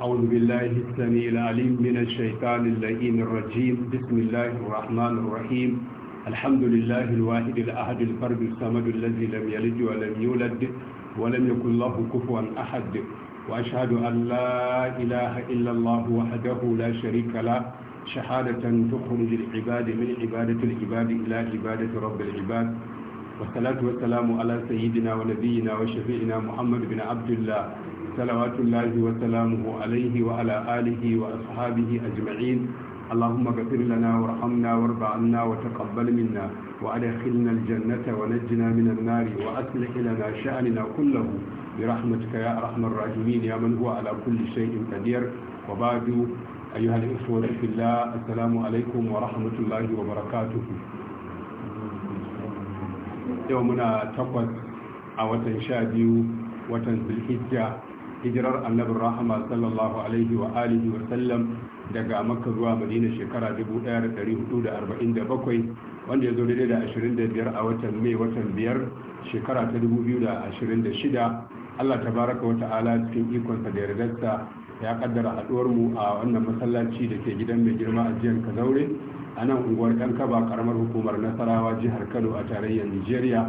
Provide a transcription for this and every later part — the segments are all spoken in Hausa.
أعوذ بالله السميع العليم من الشيطان اللئيم الرجيم بسم الله الرحمن الرحيم الحمد لله الواحد الأحد الفرد الصمد الذي لم يلد ولم يولد ولم يكن له كفوا أحد وأشهد أن لا إله إلا الله وحده لا شريك له شهادة تخرج العباد من عبادة العباد إلى عبادة رب العباد والصلاة والسلام على سيدنا ونبينا وشفيعنا محمد بن عبد الله صلوات الله وسلامه عليه وعلى آله وأصحابه أجمعين اللهم اغفر لنا وارحمنا وارض عنا وتقبل منا وادخلنا الجنة ونجنا من النار وأصلح لنا شأننا كله برحمتك يا أرحم الراحمين يا من هو على كل شيء قدير وبعد أيها الإخوة في الله السلام عليكم ورحمة الله وبركاته yau muna takwas a watan sha biyu watan zulhijja hijirar annabin rahama sallallahu alaihi wa alihi wa sallam daga makka zuwa madina shekara 1447 wanda ya zo daidai da 25 a watan mai watan biyar shekara ta 2026 allah tabaraka wa ta'ala cikin ikonsa da yardarsa ya kaddara haduwar mu a wannan masallaci da ke gidan mai girma a ajiyar kazaure a nan unguwar ɗan kaba karamar hukumar nasarawa jihar kano a tarayyar nigeria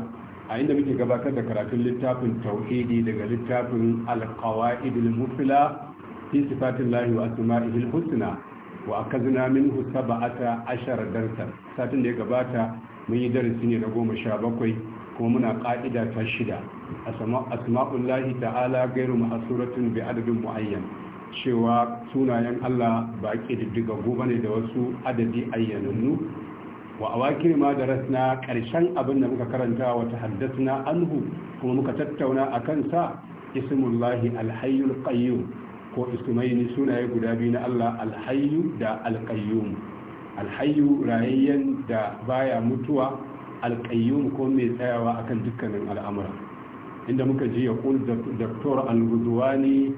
a inda muke gabatar da karatun littafin tauhidi daga littafin alkawa'idul mufila fi sifatin lahi wa asma'ihil husna wa akazna minhu sab'ata ashara darsan satin da ya gabata mun yi darasi ne na goma sha bakwai kuma muna ka'ida ta shida asma'ullahi ta'ala gairu mahsuratun bi adadin muayyan cewa sunayen Allah ba ƙididdigaggu ba ne da wasu adadi ayyanannu wa awakir ma da rasna ƙarshen abin da muka karanta wata na anhu kuma muka tattauna a kansa ismullahi alhayyul qayyum ko ismaini sunaye guda biyu na Allah alhayyu da alqayyum alhayyu rayayyen da baya mutuwa alqayyum ko mai tsayawa akan dukkanin al'amura inda muka ji ya da doktor al-gudwani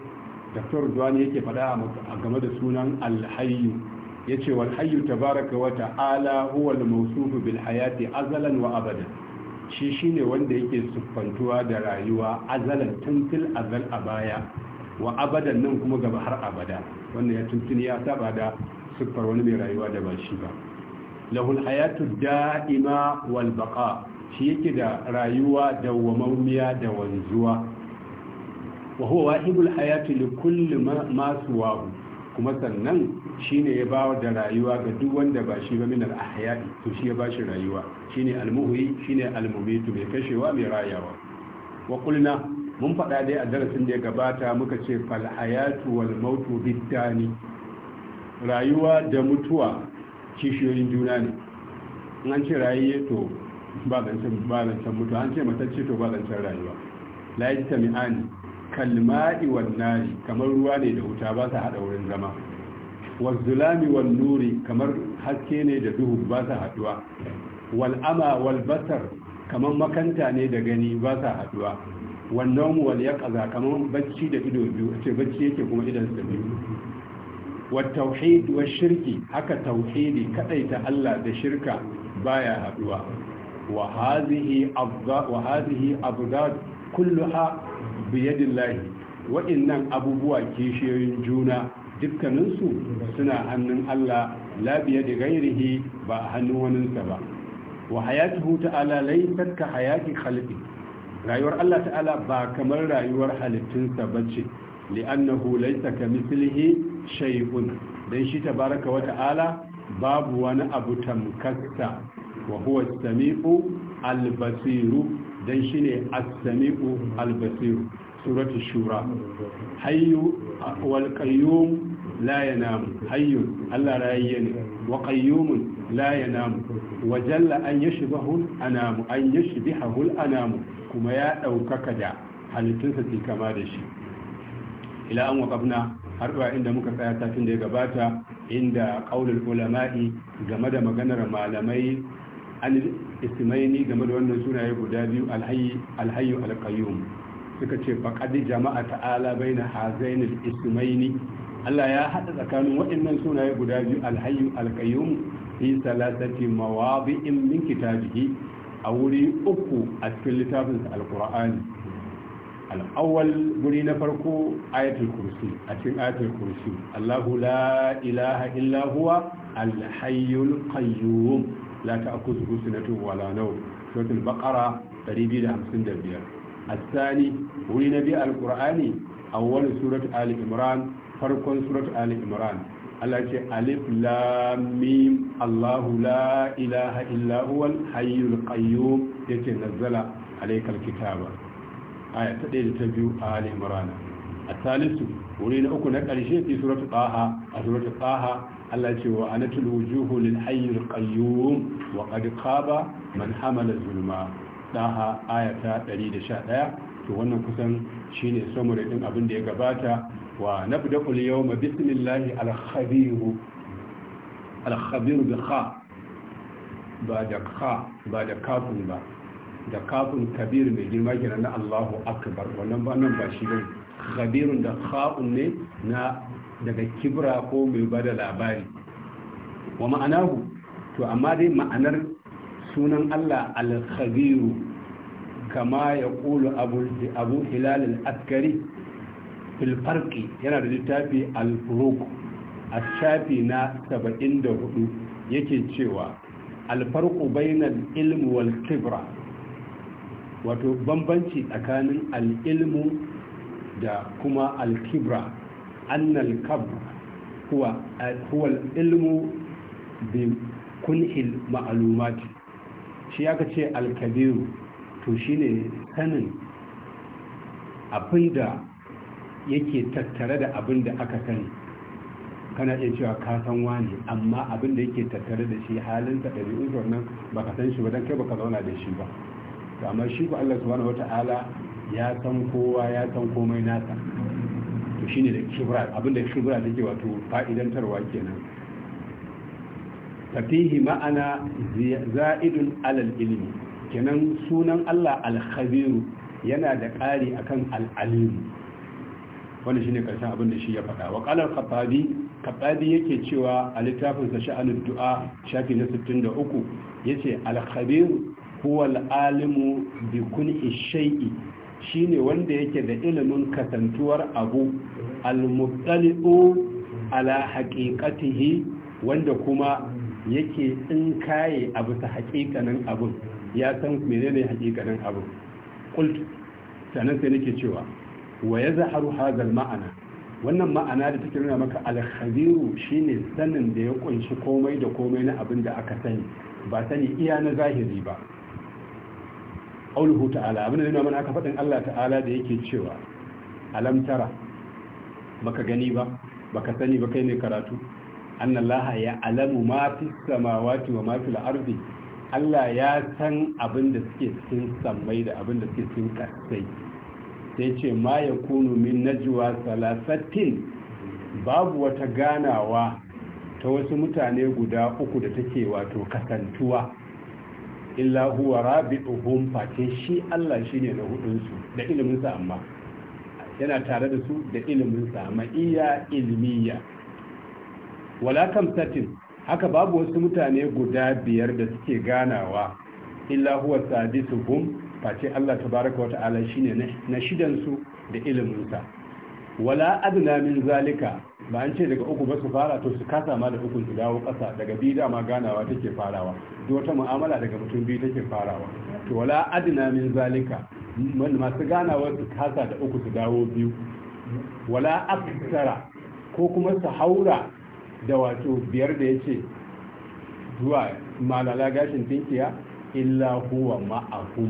dr duwani yake faɗa a game da sunan alhayu ya ce walhayu baraka wa ta'ala huwa mausufu bil hayati azalan wa abadan shi shine wanda yake siffantuwa da rayuwa azalan tuntul azal a baya wa abadan nan kuma gaba har abada wannan ya tuntun ya saba da siffar wani mai rayuwa da ba shi ba lahul hayatu da'ima wal baqa shi yake da rayuwa dawwamammiya da wanzuwa wa huwa wahidul hayati li kulli ma kuma sannan shine ya ba da rayuwa ga duk wanda ba shi ba min al ahyai to shi ya bashi rayuwa shine almuhi shine almumitu mai kashewa mai rayawa wa kulna mun faɗa dai a darasin da ya gabata muka ce fal hayatu wal mautu biddani rayuwa da mutuwa kishiyoyin juna ne an ce rayuwa to ba zancen mutuwa an ce matacce to ba zancen rayuwa la yi ta kalma'i wan kamar ruwa ne da wuta ba sa hada wurin zama Wazulami wan nuri kamar haske ne da duhu ba sa haduwa wal ama wal basar kamar makanta ne da gani ba sa haduwa wan nawm wal yaqaza kamar bacci da ido biyu ce bacci yake kuma idan sa biyu wat tauhid wa shirki haka tauhidi kadaita Allah da shirka baya haduwa wa hadhihi abda wa hadhihi abdad kulluha biyadillahi waɗannan abubuwa kishiyoyin juna dukkaninsu suna hannun Allah la da gairihi ba a hannun waninsa ba wa hayatuhu ala lai ka hayati halittu rayuwar Allah ta'ala ba kamar rayuwar halittunsa ba li'anna li'annahu laysa misilihi shaikun dan shi tabaraka wa ta'ala babu wani abu tamkasta wa huwa samiu albasiru don dan shine a samiu albasiru سورة الشورى حي والقيوم لا ينام حي ألا لا ينام وقيوم لا ينام وجل أن يشبه الأنام أن يشبهه الأنام كما يا ke kama da shi. Ila an أن وقفنا harba inda muka tsaya satin da ya gabata inda ƙaunar ulama'i game da maganar malamai an istimaini game da wannan sunaye guda biyu alhayi alqayyum suka ce faƙadi jama'a ta'ala bai na hazainul ismaini Allah ya haɗa tsakanin waɗannan sunaye guda biyu alhayyu alkayyum fi salasati mawabi'in min kitabihi a wuri uku a cikin littafin alqur'ani al-awwal guri na farko ayatul kursi a cikin ayatul kursi Allahu la ilaha illa huwa alhayyul qayyum la ta'khudhuhu sinatun wala nawm suratul baqara 255 الثاني ولنبي القرآن أول سورة آل عمران فرق سورة آل عمران التي ألف لام ميم الله لا إله إلا هو الحي القيوم يتنزل عليك الكتاب آية تدير تبيو آل عمران الثالث ولين أكو نكالشي في سورة طه سورة طه التي وأنت الوجوه للحي القيوم وقد خاب من حمل الظلمات daha ayata 111 to wannan kusan shine summary din abin da ya gabata wa na yawma bismillahi al-khabir al-khabir bi kha ba da kha ba da kafin ba da kafin kabir mai girma kenan na Allahu akbar wannan ba nan ba shi bane khabirun da kha'un ne na daga kibra ko mai bada labari wa ma'anahu to amma dai ma'anar sunan Allah al-khabiru kama ya ƙulu abu hilal al-askari filfarki yana da littafi al-furuk a shafi na 74 yake cewa alfarku bainal ilmi wal kibra wato bambanci tsakanin al'ilmu da kuma al-kibra annal kabra huwa al'ilmu bi kunhil ma'alumati shi aka ce alkabiru to shi ne sanin abin da yake tattare da abin da aka sani kana iya cewa ka san wani amma abin da yake tattare da shi halinsa ɗabi'unsa nan ba ka san shi ba don kai ba ka zauna da shi ba to amma shi ko Allah subhanahu ta'ala ya san kowa ya san komai nasa to shine da shubra abin da shubra take wato fa'idantarwa kenan fafihi ma'ana za'idun alal ilmi kenan sunan Allah al yana da ƙari akan al-alim wanda shine karshen abin da shi ya faɗa wa qala al-khattabi yake cewa a littafin sa sha'anud du'a shafi na 63 yace al khabir huwa al-alimu bi kun'i shay'i shine wanda yake da ilimin kasantuwar abu al muqtaliu ala haqiqatihi wanda kuma yake in kaye abu ta hakikanin abu ya san menene hakikanin abu qultu sanan sai nake cewa wa zaharu hazal ma'ana wannan ma'ana da take nuna maka alkhabiru shine sanin da ya kunshi komai da komai na abin da aka sani ba sani iya na zahiri ba qauluhu ta'ala abin da nuna mana aka faɗin Allah ta'ala da yake cewa alam tara baka gani ba baka sani ba kai ne karatu anna Allah ya alamu ma fi samawati wa ma fil ardi Allah ya san abin da suke cikin sammai da abin da suke cikin kasai sai ce ma ya kunu min najwa salasatin babu wata ganawa ta wasu mutane guda uku da take wato kasantuwa illa huwa rabi'uhum fate shi Allah shine na hudunsu da sa amma yana tare da su da sa amma iya ilmiya wala satin, haka babu wasu mutane guda biyar da suke ganawa illa huwa sadisuhum face Allah tabaraka wa ta'ala shine na shidan su da ilimin sa wala adna min zalika ba an ce daga uku ba su fara to su kasa ma da uku su dawo kasa daga biyu dama ganawa take farawa duk wata mu'amala daga mutum biyu take farawa to wala adna min zalika masu ganawa su kasa da uku su dawo biyu wala aksara ko kuma su haura da wato biyar da ya ce zuwa malala gashin tinkiya illa huwa ma'ahu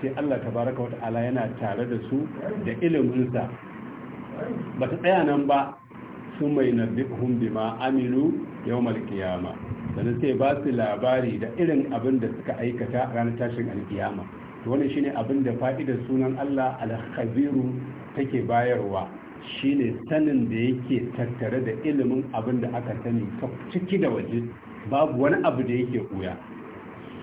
ce Allah Ta baraka wata ala yana tare da su da iliminsa ba ta tsaya nan ba su mai nabi'uhum ma Aminu yawmal qiyama dan sai ba su labari da irin abin da suka aikata ranar tashin alkiyama to wannan shine abin da fa'idar sunan Allah al-khabiru take bayarwa shine sanin da yake tattare da ilimin abin da aka sani ciki da waje babu wani abu da yake kuya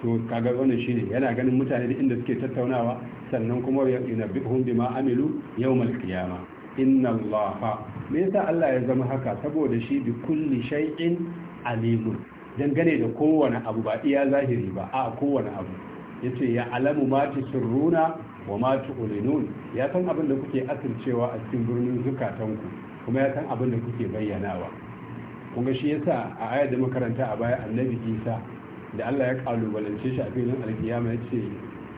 to kaga wannan shine yana ganin mutane da inda suke tattaunawa sannan kuma ya yunabbihum bima amilu yawmal qiyama inna allaha me yasa Allah ya zama haka saboda shi bi kulli shay'in alimun dangane da kowane abu ba iya zahiri ba a kowane abu yace ya alamu ma sirruna wa ma tu'linun ya san abin da kuke asircewa a cikin birnin zukatanku kuma ya san abin da kuke bayyanawa kuma shi yasa a ayar da makaranta a baya annabi Isa da Allah ya kalubalance shi a filin alkiyama ya ce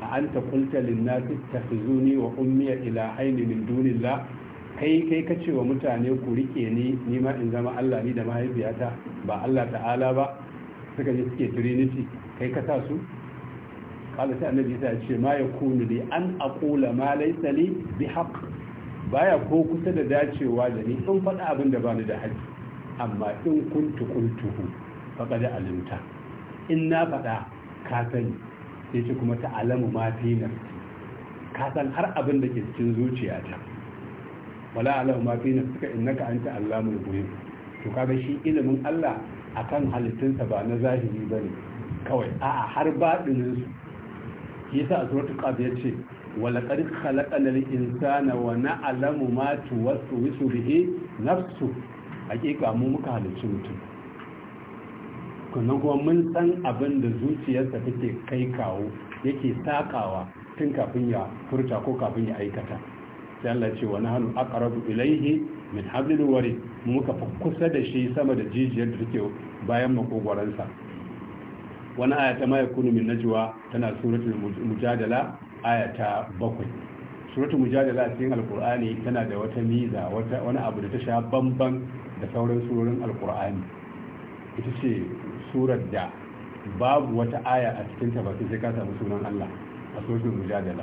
a anta qulta lin-nasi ittakhizuni wa ummi haini min dunillah kai kai kace wa mutane ku rike ni ni ma in zama Allah ni da mahaifiyata ba Allah ta'ala ba suka ji suke trinity kai ka sa su kala sai annabi ya ce ma ya kunu li an aqula ma laysa li bi haqq baya ko kusa da dacewa da ni in faɗa abin da bani da haƙƙi amma in kuntu qultuhu faqad alimta in na faɗa ka sani sai ce kuma ta'alamu ma fi nafsi ka san har abin da ke cikin zuciyata wala Alamu ma fi nafsika innaka anta allamul ghuyub to kaga shi ilimin Allah akan halittunsa ba na zahiri bane kawai a'a har baɗinin su yasa a suratul qaf yace lil insana wa na'lamu ma tuwaswisu bihi nafsu hakika mu muka halicci mutum kuma kuma mun san abin da zuciyarsa take kai kawo yake takawa tun kafin ya furta ko kafin ya aikata sai Allah ce wa nahnu aqrabu ilayhi min hablil warid mu muka kusa da shi sama da jijiyar da take bayan makogwaransa wani aya ta maya kunu min najwa tana suratul mujadala aya ta bakwai suratul mujadala a cikin alkur'ani tana da wata miza wani abu da ta sha bamban da sauran surorin alkur'ani ita ce surar da babu wata aya a cikin ta ba sai ka samu sunan Allah a suratul mujadala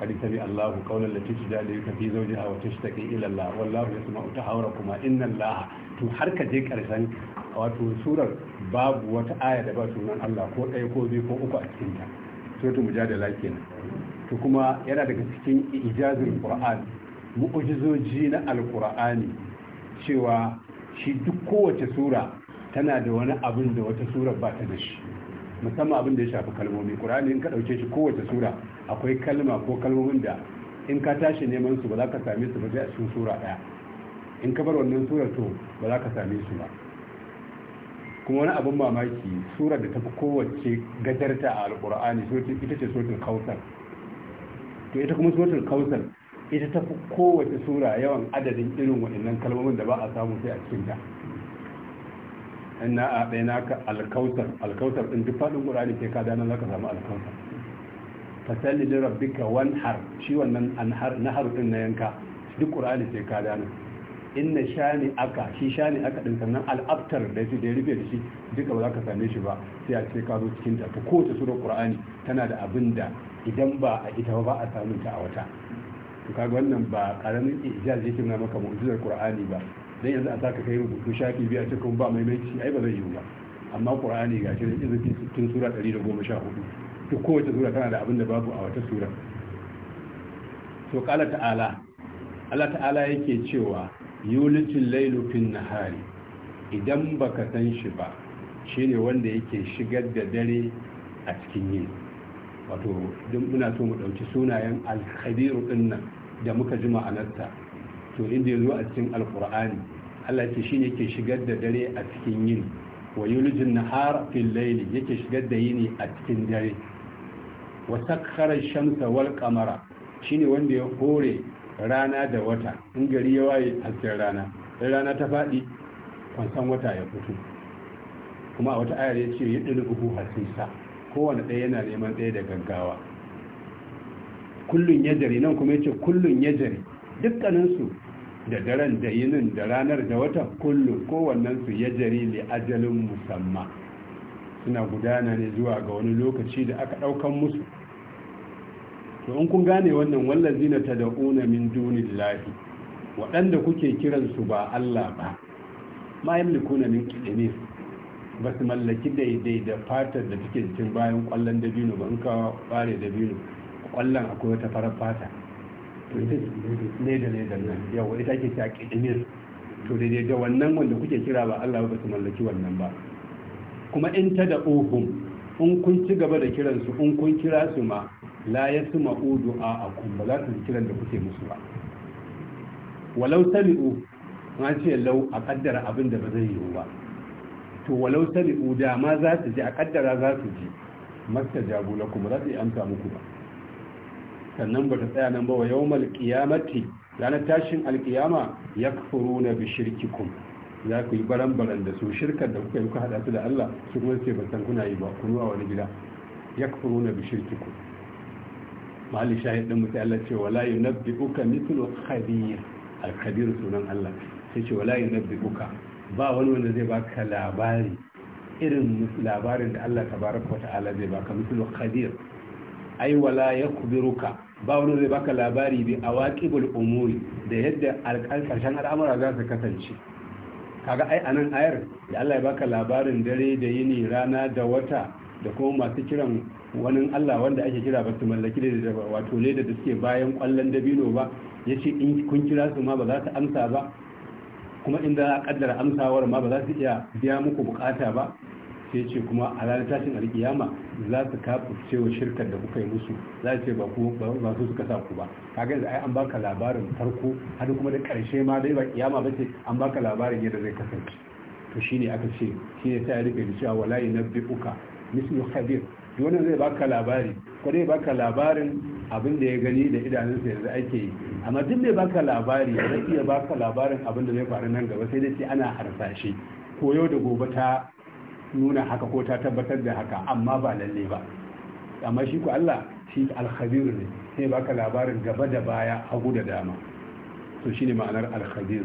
قد سمع الله قول التي تجادلك في زوجها وتشتكي الى الله والله يسمع تحاوركما ان الله to har ka je karshen wato surar babu wata aya da ba sunan Allah ko ɗaya ko biyu ko uku a cikin ta suratul mujadala kenan to kuma yana daga cikin ijazin qur'an mu'ujizoji na alqur'ani cewa shi duk kowace sura tana da wani abin da wata sura ba ta da shi musamman abin da ya shafi kalmomi qur'ani in ka dauke shi kowace sura akwai kalma ko kalmomin da in ka tashi neman su ba za ka same su ba sai a cikin sura daya in ka bar wannan sura to ba za ka same su ba kuma wani abin mamaki sura da tafi kowace gajarta a alkur'ani ita ce suratul kautsar to ita kuma suratul kautsar ita tafi kowace sura yawan adadin irin waɗannan kalmomin da ba a samu sai a cikin ta ina a ɗaya naka alkautar alkautar ɗin duk faɗin ƙurani ke ka danar ka samu alkautar fasalli da ka wan har shi wannan na har ɗin na yanka duk ƙurani ke ka danar inna shani aka shi shani aka din sannan al'abtar da shi da ya rufe da shi duka ba za ka same shi ba sai a ce ka zo cikin ta ta kowace surar qur'ani tana da abin da idan ba a ita ba a samun ta a wata to kaga wannan ba karamin ijaz yake nuna maka mu'jizar qur'ani ba dan yanzu a saka kai rubutu shafi biya ce kuma ba mai ai ba zai yiwu ba amma qur'ani ga shi da izufi tun sura 114 duk kowace sura tana da abin da babu a wata sura to qala ta'ala Allah ta'ala yake cewa yulicin lailufin nahari idan baka san shi ba shine wanda yake shigar da dare a cikin yin wato duk muna so mu ɗauki sunayen alkhadiru dinnan da muka ji ma'anarta to inda ya zo a cikin alkur'ani allah ce shine yake shigar da dare a cikin yin wa yulijin nahar fil laili yake shigar da yini a cikin dare wa sakhara shamsa wal qamara shine wanda ya hore rana da wata in gari ya waye hasken rana sai rana ta faɗi kwansan wata ya fito kuma a wata ayar ya ce yi ɗin uku hasisa kowane ɗaya yana neman ɗaya da gaggawa kullun ya jari nan kuma ya ce kullun ya jari dukkaninsu da daren da yinin da ranar da wata kullum kowannensu ya jari li ajalin musamman suna gudana ne zuwa ga wani lokaci da aka ɗaukan musu to in kun gane wannan zina da una min dunillahi waɗanda kuke kiransu ba Allah ba ma yamlikuna min qidamir ba su mallaki daidai da fatar da cikin cin bayan kwallon dabino ba in ka bare dabino kwallon akwai wata farar fata to ita ne da ne da nan yawa ita ke ta qidamir to daidai da wannan wanda kuke kira ba Allah ba su mallaki wannan ba kuma in ta da uhum in kun ci gaba da kiransu in kun kira su ma la ya su ma'udu a kun ba za su ji kiran da kuke musu ba walau sami'u an ce lau a kaddara abin da ba zai yiwu ba to walau sami'u da za su ji a kaddara za su ji masta jagula kuma za su yi amsa muku ba sannan ba ta tsaya nan ba wa yau malƙiyamati ranar tashin alƙiyama ya kafuru na kun za ku yi baran-baran da su shirkar da kuka yi kuka haɗa su da Allah su kuma ce ba san kuna yi ba ku a wani gida ya kafuru na kun mali shahid din mutai Allah ce wala yunabbi'uka mithlu khabir al-khabir sunan Allah sai ce wala yunabbi'uka ba wani wanda zai baka labari irin labarin da Allah tabaraka wata'ala zai baka mithlu khabir ay wala yakbiruka ba wani zai baka labari bi awaqibul umuri da yadda karshen al'amura za su kasance kaga ai anan ayar da Allah ya baka labarin dare da yini rana da wata da kuma masu kiran wani Allah wanda ake kira ba su mallaki da wato ne da suke bayan kwallon dabino ba ya ce in kun kira su ma ba za su amsa ba kuma in za a kaddara amsawar ma ba za su iya biya muku bukata ba sai ce kuma a ranar tashin alkiyama za su kafurce wa shirkar da kuka yi musu za ce ba ku ba su suka sa ku ba kaga yanzu ai an baka labarin farko har kuma da karshe ma dai ba kiyama ba ce an baka labarin yadda zai kasance to shine aka ce shine sai ya rufe da cewa bi uka mislu khabir wannan zai baka labari ko zai baka labarin abin da ya gani da idanunsa yanzu ake yi amma duk mai baka labari zai iya baka labarin abin da zai faru nan gaba sai dai ce ana harsashe koyo da gobe ta nuna haka ko ta tabbatar da haka amma ba lalle ba amma shi ku Allah shi alkhabir ne sai baka labarin gaba da baya hagu da dama to shine ma'anar alkhabir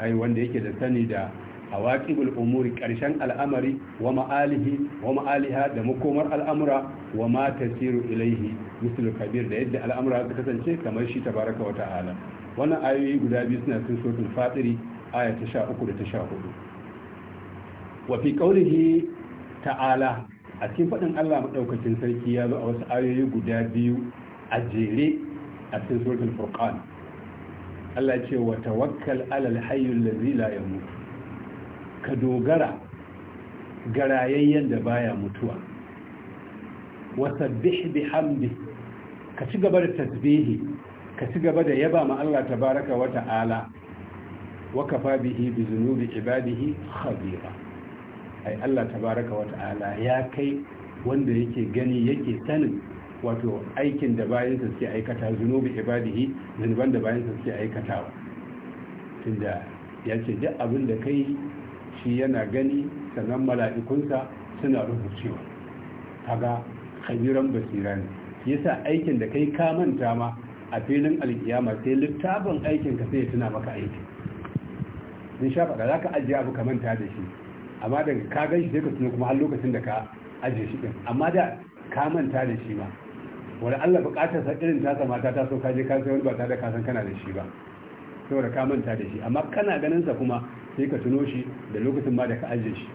ai wanda yake da sani da awaqibul umuri ƙarshen al'amari wa ma'alihi wa ma'aliha da makomar al'amura wa ma tasiru ilaihi mislu kabir da yadda al'amura suka kasance kamar shi ta baraka wa ta'ala wannan ayoyi guda biyu suna cikin suratul fatiri aya ta sha uku da ta hudu. wa fi qawlihi ta'ala a cikin fadin Allah madaukakin sarki ya zo a wasu ayoyi guda biyu a jere a cikin suratul furqan Allah ce wa tawakkal alal hayyul ladzi la yamut ka dogara ga rayayyen da baya mutuwa wasabbih bihamdi ka ci gaba da tasbihi ka ci gaba da yaba ma Allah tabaraka wa ta'ala wa kafa bihi bi zunubi ibadihi khabira ai Allah tabaraka wa ta'ala ya kai wanda yake gani yake sanin wato aikin da bayansa suke aikata zunubi ibadihi zunuban da bayansa suke aikatawa tunda ya ce duk abin da kai shi yana gani sannan mala'ikunsa suna rubucewa kaga kabiran basira ne yasa aikin da kai ka manta ma a filin alkiyama sai littafin aikin ka sai ya tuna maka aiki in sha faɗa za ka ajiye abu ka manta da shi amma da ka gan shi sai ka tuna kuma har lokacin da ka ajiye shi ɗin amma da ka manta da shi ba wani allah buƙatar sa irin tasa mata ta so ka je ka sai wani ba tare da ka san kana da shi ba saboda ka manta da shi amma kana ganin sa kuma sai ka tuno shi da lokacin ma da ka ajiye shi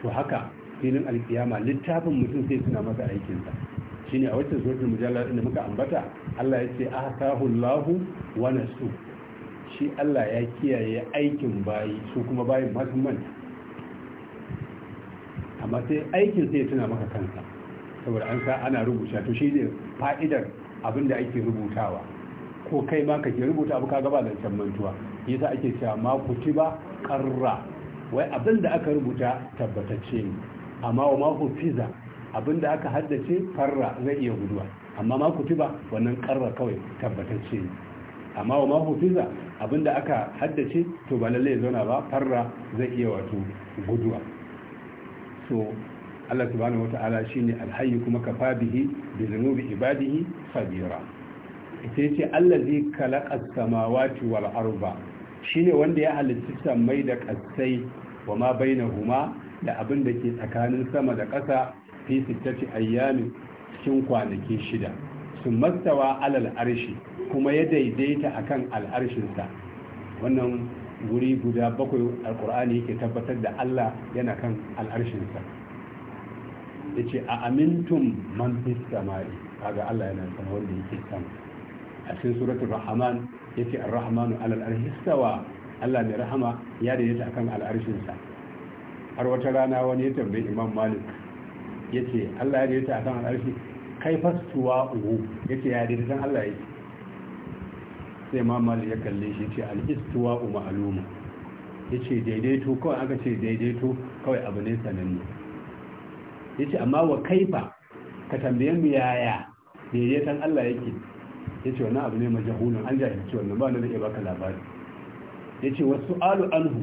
to haka filin alkiyama littafin mutum sai suna masa aikinsa shine a wacce zuwa mujalla da muka ambata Allah ya ce ahkahu Allahu wa nasu shi Allah ya kiyaye aikin bayi su kuma bayin masu manta amma sai aikin sai tuna maka kansa saboda an sa ana rubuta to shine fa'idar abin da ake rubutawa ko kai ma kake rubuta abu kaga ba zancen mantuwa yasa ake cewa ma kutiba qarra wai abin aka rubuta tabbatacce ne amma wa ma hufiza abin da aka haddace farra zai iya guduwa amma ma kutiba wannan qarra kawai tabbatacce ne amma wa ma hufiza abin da aka haddace to ba lalle ya zauna ba farra zai iya wato guduwa so Allah subhanahu wata'ala shine alhayyu kuma kafa bihi bi zunubi ibadihi sabira ita yace allazi zai as-samawati wal arba. shine wanda ya halitta sammai da ƙasai wa ma huma da abin da ke tsakanin sama da ƙasa fi sittati ayyami cikin kwanaki shida su mastawa alal arshi kuma ya daidaita akan al'arshinsa wannan guri guda bakwai alkur'ani yake tabbatar da Allah yana kan al'arshinsa ya yace a amintum man fis samai kaga Allah yana sama wanda yake sama a cikin suratul rahman yace ar-rahmanu alal arshi istawa Allah mai rahama ya daidaita akan al'arshin sa har wata rana wani ya tambayi Imam Malik yace Allah ya daidaita akan al-arshi kai suwa uhu yace ya daidaita Allah yake sai Imam Malik ya kalle shi yace al-istiwa ma'luma yace daidaito kawai aka ce daidaito kawai abu ne sananne yace amma wa kaifa ka tambaye mu yaya daidaitan Allah yake ya ce wannan abu ne majahunan an jahilci wannan ba na da iya baka labari ya ce wasu alu anhu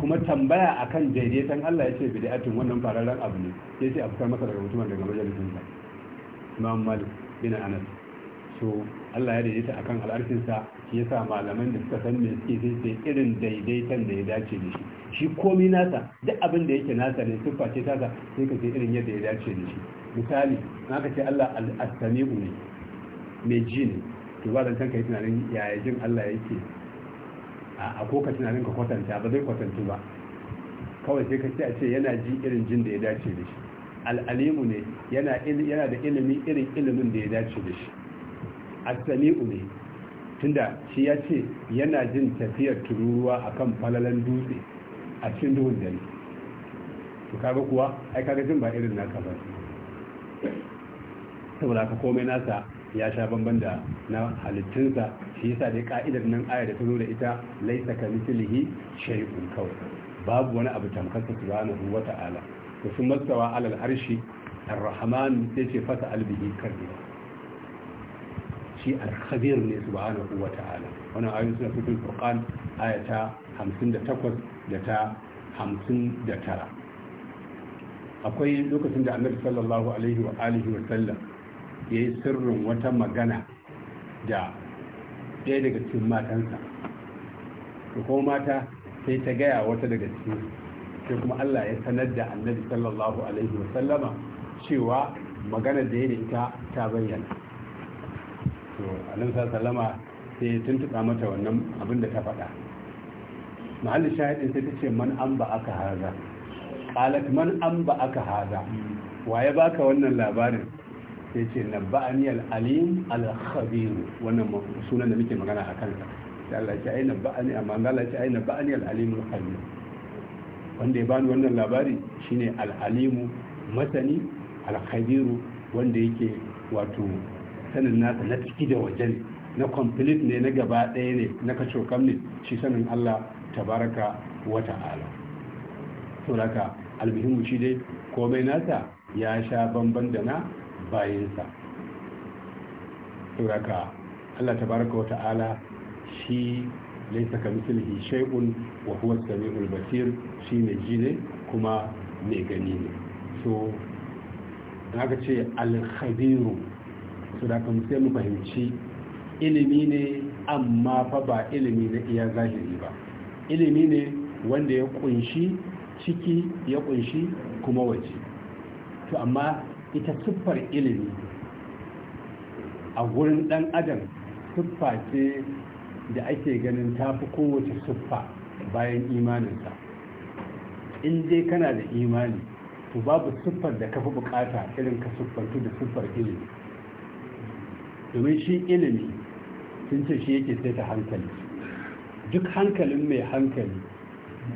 kuma tambaya akan daidaitan Allah ya ce bid'atun wannan fararen abu ne ya ce fitar masa daga mutumar daga majalisun sa Imam Malik bin Anas so Allah ya daidaita akan al'arfin sa ya yasa malaman da suka san me suke sai sai irin daidaiton da ya dace da shi shi komi nasa duk abin da yake nasa ne sun face tasa sai ka ce irin yadda ya dace da shi misali na ka ce Allah al ne mai jin to ba zan ka yi tunanin yaya jin Allah yake a ko ka tunanin ka kwatanta ba zai kwatantu ba kawai sai ka ce a ce yana ji irin jin da ya dace da shi al'alimu ne yana da ilimi irin ilimin da ya dace da shi asami'u ne tunda shi ya ce yana jin tafiyar tururuwa akan falalan dutse a cikin duhun dare to kaga kuwa ai kaga jin ba irin naka ba saboda ka komai nasa ya sha bamban da na halittunsa shi yasa dai ka'idar nan aya da ta zo da ita laisa ka mislihi shay'un kawai babu wani abu tamkarsa subhanahu wa ta'ala to sun mastawa alal arshi ar-rahman sai ce fasa albihi karbi shi al-khabir ne subhanahu wa ta'ala wannan ayoyin suna cikin furqan ayata 58 da ta 59 akwai lokacin da annabi sallallahu alaihi wa alihi wa sallam ya yi sirrin wata magana da ɗaya daga cikin matansa Ko kuma mata sai ta gaya wata daga cikin sai kuma Allah ya sanar da annabi sallallahu alaihi wa sallama cewa magana da ya ita ta bayyana to annabi sallama sai ya tuntuɓa mata wannan abin da ta faɗa mahallin shahidin sai ta ce man an ba aka haza qalat man an ba aka haza mm. Wa ya baka wannan labarin sai ce na ba'ani al'alim al khabiru wannan sunan da muke magana a kansa sai Allah ya ce ai ba'ani amma Allah ce ai ba'ani al-alim al-khabir wanda ya bani wannan labari shine al-alimu masani al-khabiru wanda yake wato sanin nasa na ciki da wajen na complete ne na gaba ɗaya ne na kam ne shi sanin Allah tabaraka wa ta'ala saboda almuhimmu shi dai komai nasa ya sha bamban da na bayinsa saboda Allah tabaraka wa ta'ala shi laisa ka mislihi shay'un wa huwa as-sami'ul basir shi ne ji kuma mai gani ne so haka ce al-khabiru so sai mu fahimci ilimi ne amma fa ba ilimi na iya zahiri ba ilimi ne wanda ya kunshi ciki ya kunshi kuma waje to amma ita siffar ilimi a gurin ɗan adam siffa ce da ake ganin tafi kowace siffa bayan imaninsa in dai kana da imani to babu siffar da kafi bukata irin ka siffantu da siffar ilimi domin shi ilimi sun ce shi yake sai ta hankali duk hankalin mai hankali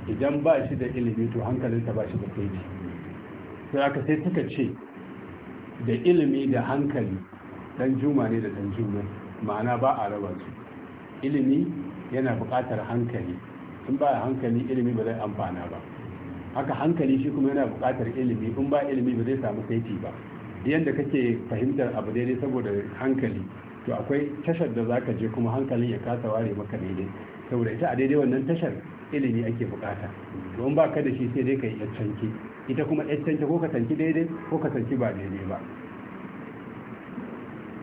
idan ba shi da ilimi to hankalinsa ba shi da kai sai aka sai suka ce da ilimi da hankali dan juma ne da dan juma ma'ana ba a raba su ilimi yana buƙatar hankali in ba hankali ilimi ba zai amfana ba haka hankali shi kuma yana buƙatar ilimi in ba ilimi ba zai samu saiti ba yadda kake fahimtar abu daidai saboda hankali to akwai tashar da zaka je kuma hankalin ya kasa ware maka daidai saboda ita a daidai wannan tashar ilimi ake buƙata. to in ba ka da shi sai dai ka yi canke ita kuma yancanta ko ka sanki daidai ko ka ba daidai ba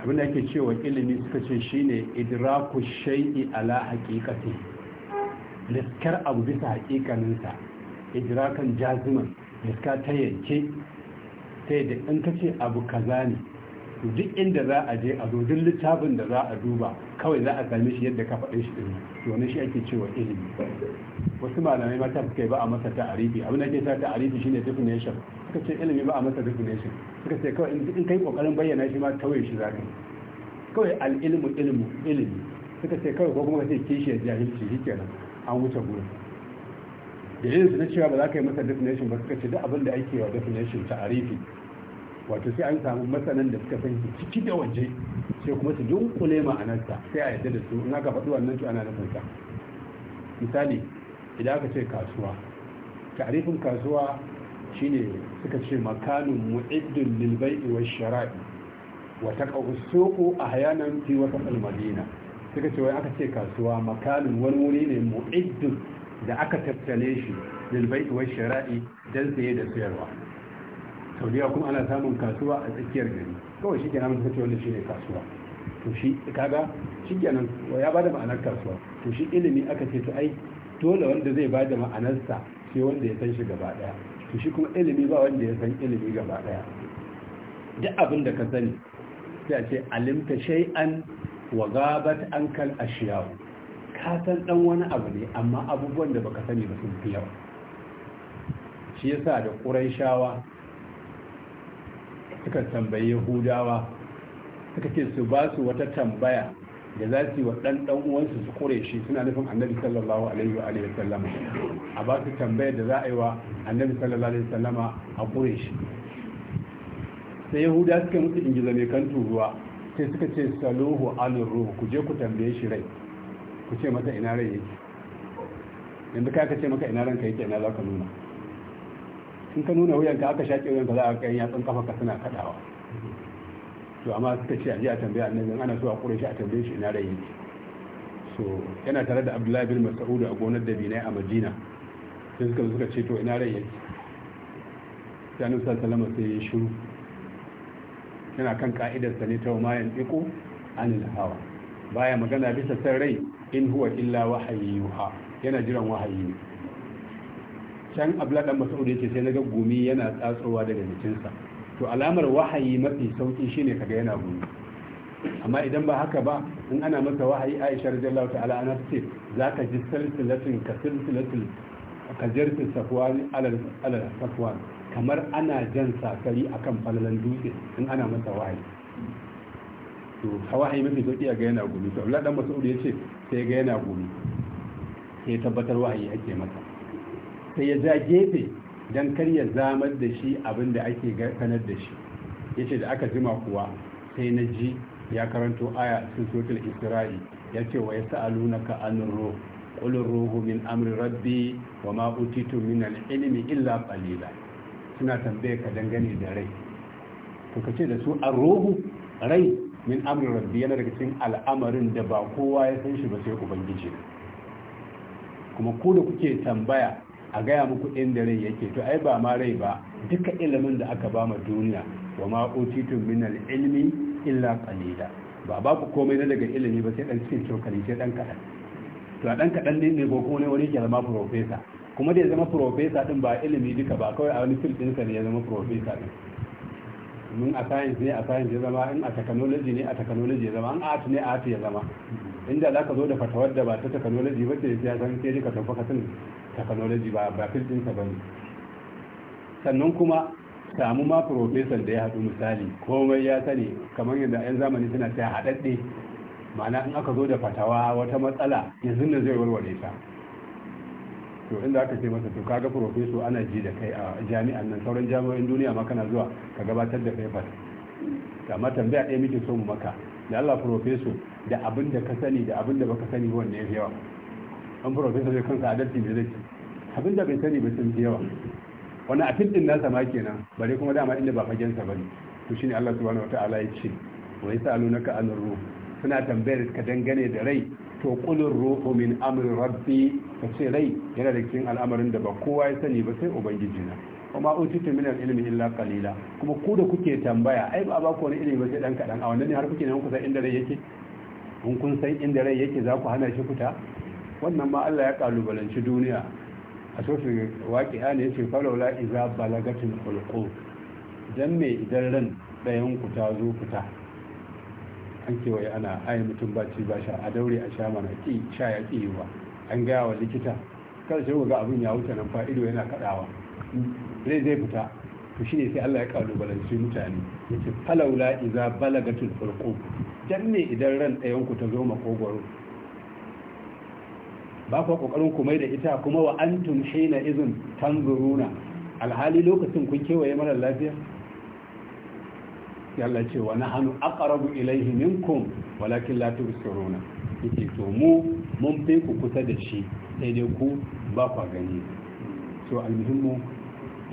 abinda ake cewa ilimi suka ce shine idraku shay'i ala haqiqati liskar abu bisa haƙiƙaninsa idrakan jaziman liska ta yanke sai da in ka ce abu kaza ne to duk inda za a je a zo duk littafin da za a duba kawai za a same shi yadda ka faɗe shi din to wani shi ake cewa ilimi wasu malamai mata suka yi ba a masa ta'arifi abin da ke sa ta'arifi shine definition suka ce ilimi ba a masa definition suka ce kawai in kai kokarin bayyana shi ma tawaye shi za ka kawai al'ilmu ilmu ilimi suka ce kawai ko kuma ka ce kishiyar jahilci shi kenan an wuce gurin da yin su na cewa ba za ka yi masa definition ba suka ce duk abin da ake wa definition ta'arifi wato sai an samu masanan da suka san ciki da waje sai kuma su dunkule ma'anarsa sai a yadda da su in aka faɗi wannan to ana nufin sa misali idan aka ce kasuwa tarifin kasuwa shine suka ce makanun mu'iddin lil bai'i shara'i wa taqaw as fi wasat al-madina suka ce wai aka ce kasuwa makanun wani wuri ne mu'idun da aka tattale shi lil bai'i shara'i dan saye da sayarwa sau kuma ana samun kasuwa a tsakiyar gari kawai shi kenan suka ce wanda shi ne kasuwa to shi kaga shi kenan ya ba da ma'anar kasuwa to shi ilimi aka ce to ai dole wanda zai ba bada ma'anarsa sai wanda ya san shi gaba daya to shi kuma ilimi ba wanda ya san ilimi gaba daya duk abin da ka sani sai a ce alimta shay'an wa gabat ankal ashiyahu ka san dan wani abu ne amma abubuwan da baka sani ba sun fi yawa shi yasa da shawa. suka tambayi yahudawa suka ce su ba su wata tambaya da za su yi wa ɗan ɗan uwansu su kure shi suna nufin annabi sallallahu alaihi wa alaihi sallama a ba su tambayar da za a yi wa annabi sallallahu alaihi sallama a kure shi sai yahuda suka mutu ingiza mai kan turuwa sai suka ce saluhu alin ruhu ku je ku tambaye shi rai ku ce masa ina rai yake yanzu ka ka ce maka ina ranka yake ina za ka nuna in ka nuna wuyanka aka shaƙe wuyanka za a kai yatsun kafa ka suna kaɗawa to amma suka ce a ji a tambaya annabi ana so a kure shi a tambaye shi ina rai so yana tare da abdullahi bin mas'ud a gonar da binai a madina sai suka suka ce to ina rai ta sai annabi sallallahu alaihi sai ya shiru yana kan ka'idar sa ne ta ma yan iko anil hawa baya magana bisa san rai in huwa illa wahayi yana jiran wahayi ne can abladan mas'ud yake sai naga gumi yana tsatsowa daga jikinsa to alamar wahayi mafi sauki shine kaga yana gumi amma idan ba haka ba in ana masa wahayi Aisha radiyallahu ta'ala ana ce zaka ji silsilatin ka silsilatin ka jirti safwan alal alal safwan kamar ana jan sakari akan falalan dutse in ana masa wahayi to wahayi mafi sauki ga yana gumi to abladan mas'ud yace sai ga yana gumi sai tabbatar wahayi ake masa sai ya ja gefe don kar ya zamar da shi abin da ake kanar da shi ya ce da aka jima kuwa sai na ji ya karanto aya cikin sotul isra'i ya ce wa ya sa'alu ka ka'anin ruhu qulur ruhu min amri rabbi wa ma utitu min illa qalila suna tambaye ka dangane da rai to ce da su a ruhu rai min amri rabbi yana daga cikin al'amarin da ba kowa ya san shi ba sai ubangiji kuma ku da kuke tambaya a gaya muku inda rai yake to ai ba ma rai ba duka ilimin da aka ba ma duniya wa ma utitu min ilmi illa qalila ba ba ku komai na daga ilimi ba sai dan cikin cokali sai dan kadan to a dan kadan ne ko kuma ne wani jalma professor kuma da ya zama professor din ba ilimi duka ba kawai a wani field din sa ne ya zama professor din in a science ne a science ya zama in a technology ne a technology ya zama in art ne art ya zama inda za ka zo da fatawar da ba ta technology ba ce ya san sai ka tafi kasan technology ba ba din ka ne. sannan kuma samu ma professor da ya haɗu misali komai ya sani kamar yadda 'yan zamani suna ta haɗaɗɗe ma'ana in aka zo da fatawa wata matsala yanzu ne zai warware ta to inda aka ce masa to kaga profeso ana ji da kai a jami'an nan sauran jami'o'in duniya ma kana zuwa ka gabatar da paper amma tambaya ɗaya muke so mu maka da Allah profeso da abin da ka sani da abin da baka sani wanda ya fi yawa an profeso zai kansa adalci ne zai abin da bai sani ba sun fi yawa wani a fitin nasa ma kenan bare kuma dama inda ba fagensa ba ne to shine Allah subhanahu wataala ya ce wa yasalunaka anir ruh suna tambayar ka dangane da rai to qulir ruhu min amri rabbi ka ce rai yana da cikin al'amarin da ba kowa ya sani ba sai ubangiji na kuma utitu min ilmi illa qalila kuma ku da kuke tambaya ai ba ba ku wani ilimi ba sai dan kadan a wannan ne har kuke nan ku san inda rai yake in kun san inda rai yake za ku hana shi fita wannan ma Allah ya kalubalanci duniya a sosu waqi'a ne yace falawla iza balagatil qulqu dan me idan ran dayan ku ta zo fita an kewaye ana ai mutum ba ci ba sha a daure a sha mana ki sha ya ki an gaya wa likita kada shi ga abin ya wuce nan fa'ido yana kaɗawa zai zai fita to shine sai Allah ya kalubalanci mutane Yace falaula iza balagatul furqu dan ne idan ran ɗayan ku ta zo makogwaro ba ku kokarin ku mai da ita kuma wa antum hina izin tanzuruna alhali lokacin kun kewaye mara lafiya yalla ce wa nahnu aqrabu ilayhi minkum walakin la tubsiruna yace to mu mun fi ku kusa da shi sai dai ku ba kwa gani so almuhimmu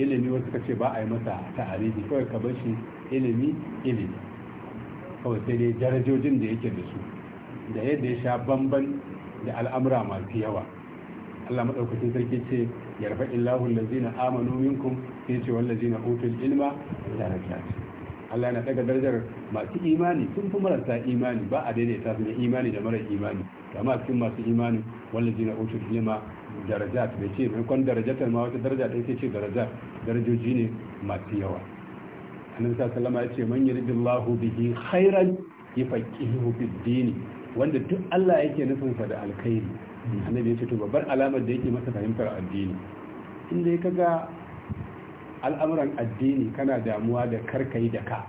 ilimi wasu ka ce ba a yi masa ta'ariji kawai ka bar shi ilimi ilimi kawai sai dai darajojin da yake da su da yadda ya sha bamban da al'amura masu yawa Allah maɗaukacin sarki ce yarfa illahu lazina amanu minkum sai ce wallazina utul ilma darajat Allah yana daga darajar masu imani sun fi marasa imani ba a daidaita su ne imani da mara imani amma cikin masu imani wannan jina utul ilma daraja ta ce maimakon ta ma wata daraja ta ce daraja darajoji ne masu yawa annabi sallama ya ce man yuridillahu bihi khairan yufaqihu fid din wanda duk Allah yake nufin sa da alkhairi annabi ya ce to babbar alamar da yake masa fahimtar addini inda ya kaga al'amuran addini kana damuwa da karkai da ka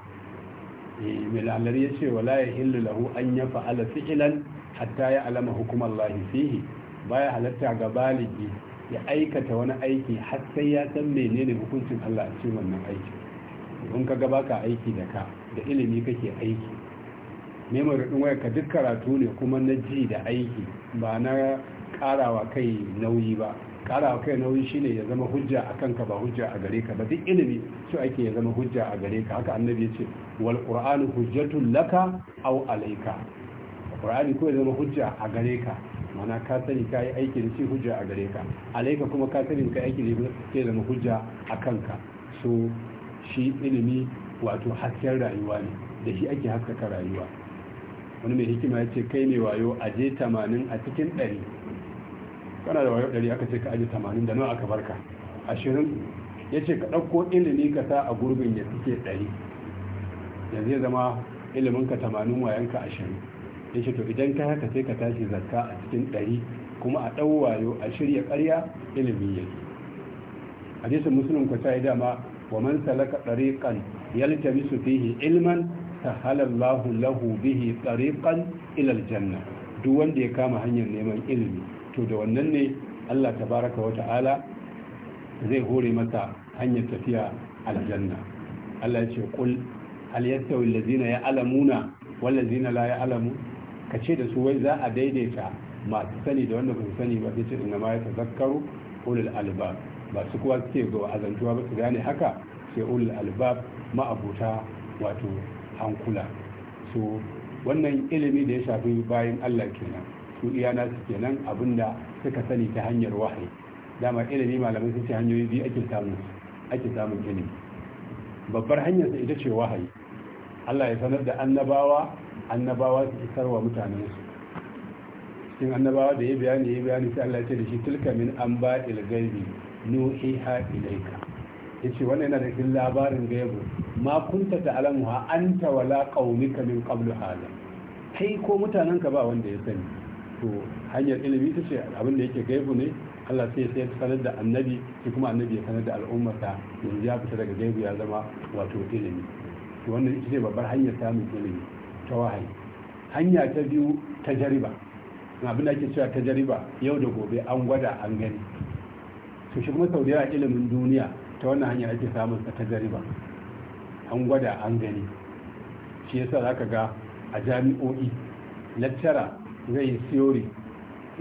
eh, milalar ya ce wala ya hillu lahu an ya fa'ala fi'ilan hatta ya alama hukumar lahi fihi baya halatta ga baligi ya aikata wani aiki har sai ya san menene hukuncin Allah a cikin wannan aiki in ka gaba ka aiki da ka da ilimi kake aiki neman rudin waya ka duk karatu ne kuma na ji da aiki ba na karawa kai nauyi ba kara kai nauyi shine ya zama hujja a kanka ba hujja a gare ka ba duk ilimi su ake ya zama hujja a gare ka haka annabi ya ce wal qur'anu hujjatun laka aw alayka qur'ani ko ya zama hujja a gare ka mana ka sani kai aiki da shi hujja a gare ka alayka kuma ka sani kai aiki da ke zama hujja a kanka so shi ilimi wato hasken rayuwa ne da shi ake haskaka rayuwa wani mai hikima ya ce kai mai wayo aje 80 a cikin 100 kana da wayo ɗari aka ce ka aji tamanin da nawa aka barka ashirin ya ka ɗauko ilimi ka sa a gurbin ya suke ɗari yanzu ya zama ilimin ka tamanin wayan ka ashirin ya to idan ka haka sai ka tashi zakka a cikin ɗari kuma a ɗau wayo a shirya ƙarya ilimi ya ke hadisin musulun ku ta yi dama wa man salaka ɗariƙan yaltamisu fihi ilman sahalallahu lahu bihi ɗariƙan ilal janna duk wanda ya kama hanyar neman ilimi to da wannan ne Allah tabaraka wa ta'ala zai hore masa hanyar tafiya aljanna Allah ya ce kul hal yastawi allazina ya'lamuna wal ladzina la ya'lamu ka ce da su wai za a daidaita masu sani da wanda ba su sani ba sai ce inna ma yatazakkaru ulul albab ba su kuwa suke ga azantuwa ba su gane haka sai ulul albab ma'abuta wato hankula so wannan ilimi da ya shafi bayan Allah kenan su iyana su kenan abinda suka sani ta hanyar wahayi dama ilimi malamai sun ce hanyoyi biyu ake samun ake samun ilimi babbar hanyar sa ita ce wahayi Allah ya sanar da annabawa annabawa su sarwa mutanen su cikin annabawa da ya bayani ya bayani sai Allah ya ce da shi tilka min amba il nuhiha ilayka yace wannan yana da cikin labarin gaibu ma kunta ta'lamuha anta wala qaumika min qablu hada kai ko mutanen ka ba wanda ya sani to hanyar ilimi ita ce abin da yake gaibu ne Allah sai sai sanar da annabi shi kuma annabi ya sanar da al'ummarsa yanzu ya fita daga gaibu ya zama wato ilimi to wannan ita ce babbar hanyar samun ilimi ta wahayi hanya ta biyu ta jariba abin da ake cewa ta jariba yau da gobe an gwada an gani to shi kuma sau da ilimin duniya ta wannan hanyar ake samun ta jariba an gwada an gani shi yasa zaka ga a jami'o'i lecturer zai yi theory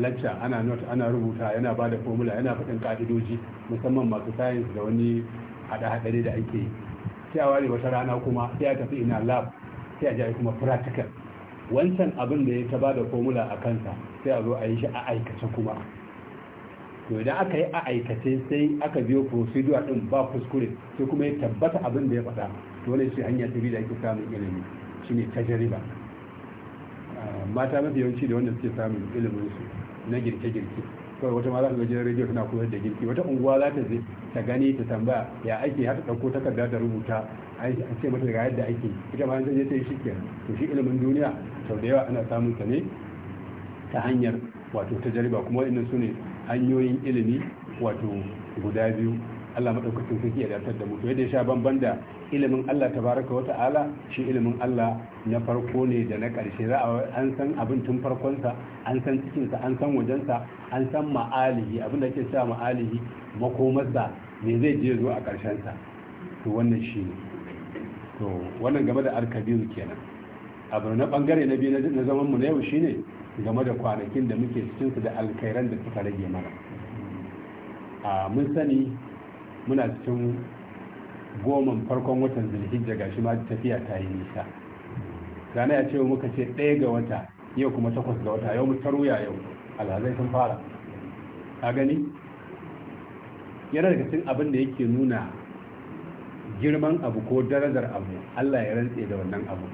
lacca ana not ana rubuta yana ba da formula yana faɗin ka'idoji musamman masu science da wani haɗe-haɗe da ake yi sai a wata rana kuma sai a tafi ina lab sai a kuma practical wancan abin da ya ta ba da formula a kansa sai a zo a yi shi a aikace kuma to idan aka yi a aikace sai aka biyo procedure din ba kuskure sai kuma ya tabbata abin da ya faɗa dole shi hanya ta da ake samun ilimi shine tajriba mata mafi yawanci da wanda suke samun ilimin su na girke-girke kawai wata ma za ka ga rediyo tana koyar da girki wata unguwa za ta je ta gani ta tambaya ya ake har ta ɗauko takarda da rubuta an ce mata ga yadda ake ita ma zai ta yi shi to shi ilimin duniya sau da yawa ana samun sa ne ta hanyar wato ta jariba kuma waɗannan su ne hanyoyin ilimi wato guda biyu Allah maɗaukacin sarki ya daftar da mu to yadda ya sha bamban da ilimin Allah ta tabaraka wa ta'ala shi ilimin Allah na farko ne da na ƙarshe za a an san abin tun farkonsa an san cikinsa an san wajensa an san ma'alihi abin da ke sa ma'alihi makomarsa ne zai je zo a ƙarshensa to wannan shi ne to wannan game da alkabiru kenan abu na bangare na biyu na zaman mu na yau shine game da kwanakin da muke cikin da alkairan da suka rage mana a mun sani muna cikin goma farkon watan zulhijja gashi ma tafiya ta yi nisa rana ya ce muka ce ɗaya ga wata yau kuma takwas ga wata yau mutaru ya yau alhazai sun fara a gani yana daga cikin abin da yake nuna girman abu ko darajar abu allah ya rantse da wannan abu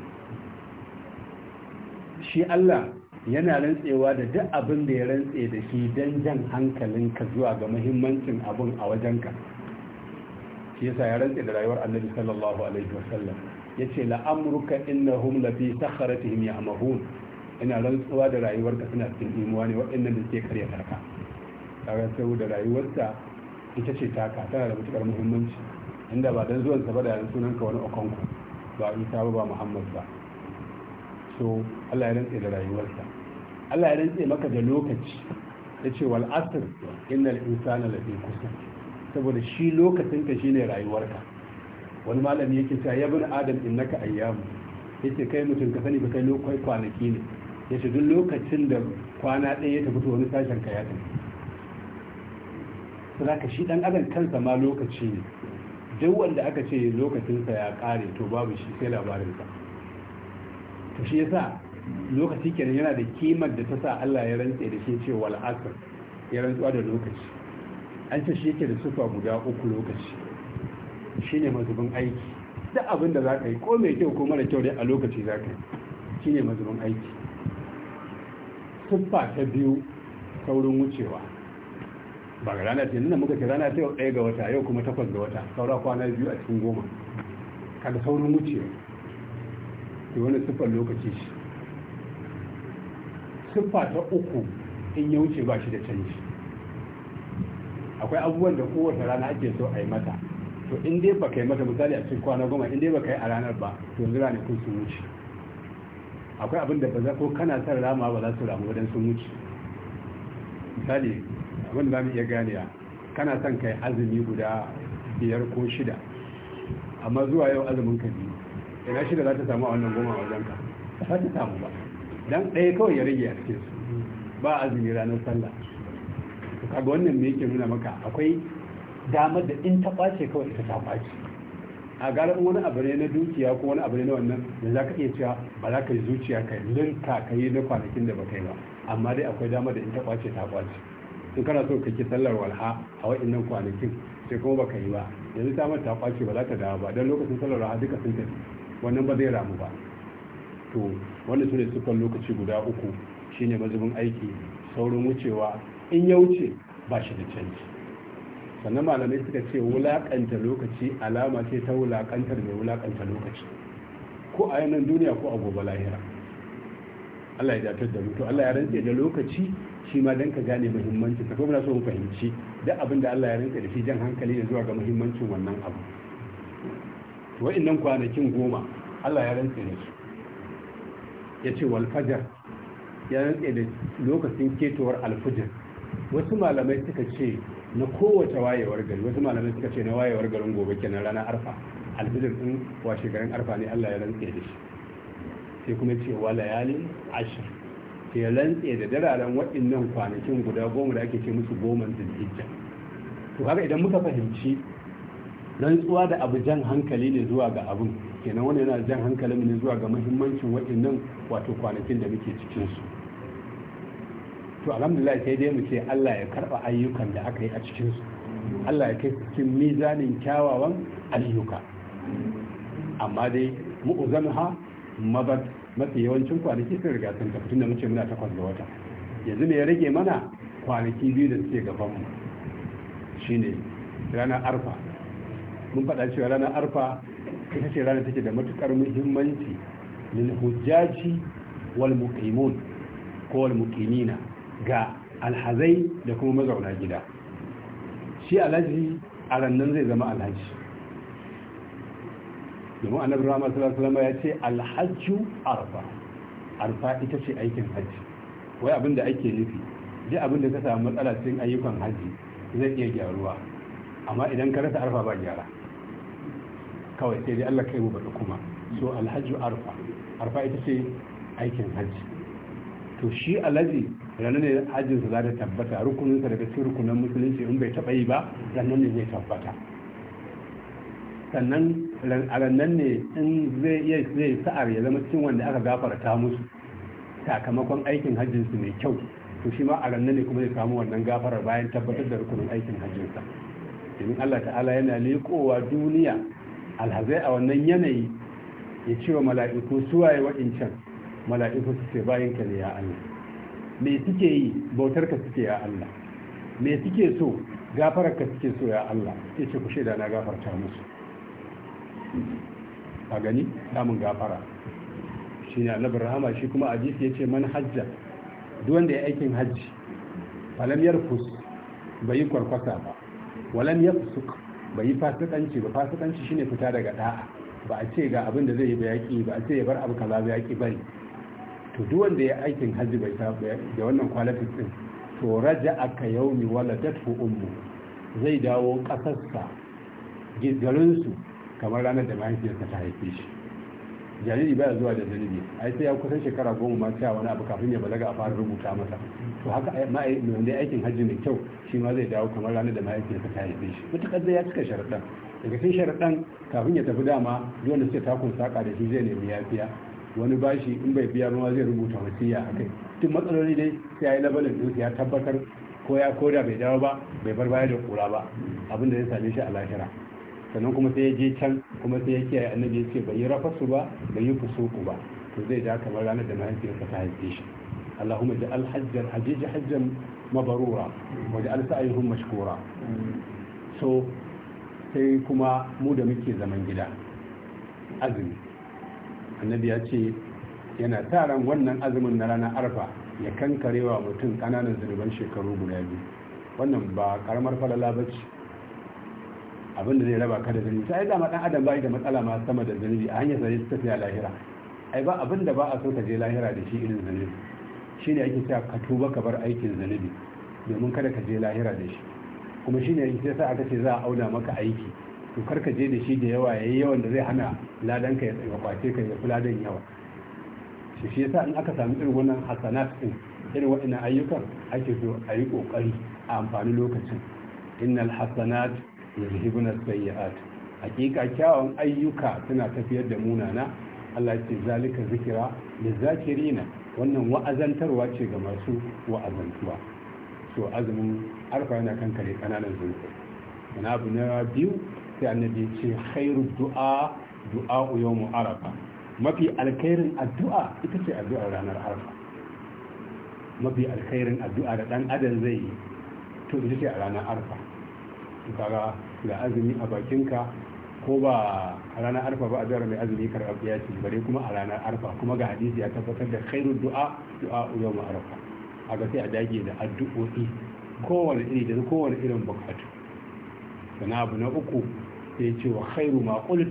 shi allah yana rantsewa da duk abin da ya rantse da shi don jan hankalinka zuwa ga muhimmancin abin a wajenka shi yasa ya rantse da rayuwar annabi sallallahu alaihi wasallam yace la amruka innahum la fi sakharatihim ya'mahun ina rantsuwa da rayuwarka suna cikin imuwa ne waɗannan da ke karya karka kaga saboda rayuwarsa ita ce taka tana da matukar muhimmanci inda ba dan zuwan sa ba da sunan wani okonku ba isa ba ba muhammad ba so Allah ya rantse da rayuwarsa Allah ya rantse maka da lokaci yace wal asr innal insana lafi kusur saboda shi lokacinka shine rayuwarka wani malami yake cewa ya bin adam innaka ayyamu yace kai mutum ka sani ba kai lokai kwanaki ne yace duk lokacin da kwana ɗaya ya tafi to wani sashen ka ya tafi ka shi dan adam kansa ma lokaci ne duk wanda aka ce lokacinsa ya kare to babu shi sai labarinsa to shi yasa lokaci kenan yana da kimar da ta sa Allah ya rantse da shi cewa wal ya rantsuwa da lokaci an ce shi yake da sufa guda uku lokaci shi ne mazubin aiki duk abin da za ka yi ko mai kyau ko mara kyau dai a lokaci za ka yi ne mazubin aiki sufa ta biyu saurin wucewa ba ga rana ce nuna muka ce rana ta yau ɗaya ga wata yau kuma takwas ga wata saura kwana biyu a cikin goma kada saurin wucewa ke wani sufar lokaci shi sufa ta uku in ya wuce ba shi da canji akwai abubuwan da kowace rana ake so a yi mata to in dai ba ka yi mata misali a cikin kwana goma in dai ba ka yi a ranar ba to yanzu kun sun wuce akwai abin da ba za ko kana son rama ba za su ramu wadan sun wuce misali abin da mu iya ganewa kana son kai azumi guda biyar ko shida amma zuwa yau azumin ka biyu ina shida za ta samu a wannan goma a wajen ka ba ta samu ba dan ɗaya kawai ya rage a cikin su ba azumi ranar sallah kaga wannan me yake nuna maka akwai damar da in ta ɓace kawai ita ta ɓace a gara wani abu ne na dukiya ko wani abu ne na wannan da za ka iya cewa ba za ka yi zuciya ka linka ka yi na kwanakin da ba kai ba amma dai akwai damar da in ta ɓace ta ɓace in kana so ka ki sallar walha a wa'innan kwanakin sai kuma baka yi ba yanzu ta mata ɓace ba za ta dawo ba don lokacin sallar walha duka sun tafi wannan ba zai ramu ba to wannan su ne sukan lokaci guda uku shine mazubin aiki saurin wucewa in ya wuce ba shi da canji sannan malamai suka ce wulaƙanta lokaci alama ce ta wulaƙantar mai wulaƙanta lokaci ko a yanar duniya ko a gobe lahira Allah ya datar da mutu Allah ya rantse da lokaci shi ma dan ka gane muhimmanci ka kuma so fahimci duk abin da Allah ya rantse da shi jan hankali da zuwa ga muhimmancin wannan abu wa'annan kwanakin goma Allah ya rantse da su ya ce wal fajar ya rantse da lokacin ketowar alfajar. wasu malamai suka ce na kowace wayewar gari wasu malamai suka ce na wayewar garin gobe kenan ranar arfa alfijir din washe garin arfa ne Allah ya rantse da shi sai kuma ce wa layalin ashir sai ya rantse da dararen waɗannan kwanakin guda goma da ake ce musu goman zulhijja to haka idan muka fahimci rantsuwa da abu jan hankali ne zuwa ga abun kenan wani yana jan hankalin ne zuwa ga muhimmancin waɗannan wato kwanakin da muke cikin su to alhamdulillah sai dai mu ce Allah ya karba ayyukan da aka yi a cikin su Allah ya kai cikin mizanin kyawawan ayyuka amma dai ha mabad mafi yawancin kwanaki sun riga sun tafi tunda muke muna takwas da wata yanzu ne ya rage mana kwanaki biyu da suke gaban mu shine ranar arfa mun faɗa cewa ranar arfa ita ce ranar take da matukar muhimmanci lil hujjaji wal muqimun ko wal muqinina ga alhazai da kuma mazauna gida shi alhaji a rannan zai zama alhaji domin annabi rama sallallahu ya ce alhajju arfa arfa ita ce aikin haji, wai abin da ake nufi duk abin da ka samu matsala cikin ayyukan haji zai iya gyaruwa amma idan ka rasa arfa ba gyara kawai sai dai Allah kai mu bada kuma so alhajju arfa arfa ita ce aikin haji. to shi alhaji ranar ne ajinsa za ta tabbata rukuninsa daga cikin rukunan musulunci in bai taɓa yi ba ranar ne zai tabbata sannan a ranar ne in zai iya zai sa'ar ya zama cikin wanda aka gafarta musu sakamakon aikin hajjinsu mai kyau to shi ma a ranar ne kuma zai samu wannan gafarar bayan tabbatar da rukunin aikin hajjinsa domin allah ta'ala yana leƙowa duniya alhazai a wannan yanayi ya ce wa mala'iku suwaye wa'incan mala'iku su ce bayan ka ne ya Allah me suke yi bautar ka suke ya Allah me suke so gafarar ka suke so ya Allah ya ce ku shaida na gafarta musu a gani samun gafara shi ne annabi rahama shi kuma hadisi ya ce man hajja duk wanda ya aikin hajji falam yarfus bai yi kwarkwasa ba walam yafsuk bai yi fasikanci ba fasikanci shine fita daga da'a ba a ce ga abin da zai yi ba yaki ba a ce ya bar abu kaza ba yaki bane to duk wanda ya aikin hajji bai da wannan kwalifik din to raja aka yaumi datfu ummu zai dawo kasarsa su kamar ranar da mahaifiyarsa ta haife shi jariri baya zuwa da zanibi ai sai ya kusan shekara goma ma cewa wani abu kafin ya balaga a fara rubuta masa to haka wanda aikin hajji mai kyau shi ma zai dawo kamar ranar da mahaifiyarsa ta haife shi mutukar zai ya cika sharaɗan daga cikin sharaɗan kafin ya tafi dama duk wanda suke takun saka da shi zai nemi yafiya wani bashi in bai biya ba zai rubuta wasiya a kai Tun matsaloli dai sai ya yi labarin din ya tabbatar ko ya koda bai dawo ba bai bar baya da kura ba abin da zai same shi a lahira sannan kuma sai ya je can kuma sai ya kiyaye annabi ya ce bai yi rafasu ba bai yi fusuku ba to zai da kamar ranar da mahaifiyarsa ta haife shi اللهم اجعل حجا حجيج حجا مبرورا واجعل سعيهم مشكورا so sai kuma mu da muke zaman gida azumi annabi ya ce yana taron wannan azumin na ranar arfa ya kankarewa mutum kananan zunuban shekaru guda biyu wannan ba karamar falala ba ce abinda zai raba ka da zunubi sai dama dan adam bai da matsala ma sama da zunubi a hanyar sai ta tafiya lahira ai ba abinda ba a so ka je lahira da shi irin zunubi shine ake ka tuba ka bar aikin zunubi domin kada ka je lahira da shi kuma shine yake sai aka ce za a auna maka aiki to karka je da shi da yawa yayi yawan da zai hana ladan ka ya kwace ka ya fi ladan yawa shi shi yasa in aka samu irin wannan hasanat din irin waɗannan ayyukan ake so a yi kokari a amfani lokacin innal hasanat yuzhibuna sayyi'at hakika kyawun ayyuka suna tafiyar da munana Allah ya ce zalika zikira zakirina wannan wa'azantarwa ce ga masu wa'azantuwa so azumin arfa yana kankare kananan zunubi wani abu na biyu sai annabi ya ce khairu du'a du'a yawmu arafa mafi alkhairin addu'a ita ce addu'a ranar arafa mafi alkhairin addu'a da dan adam zai yi to ita ce a ranar arafa to kaga ga azumi a bakinka ko ba a ranar arfa ba a zara mai azumi karɓar ya ce bare kuma a ranar arfa kuma ga hadisi ya tabbatar da khairu du'a du'a yau ma arfa a ga sai a dage da addu'o'i kowane iri da kowane irin bukatu sana abu na uku sai ce wa khairu ma qult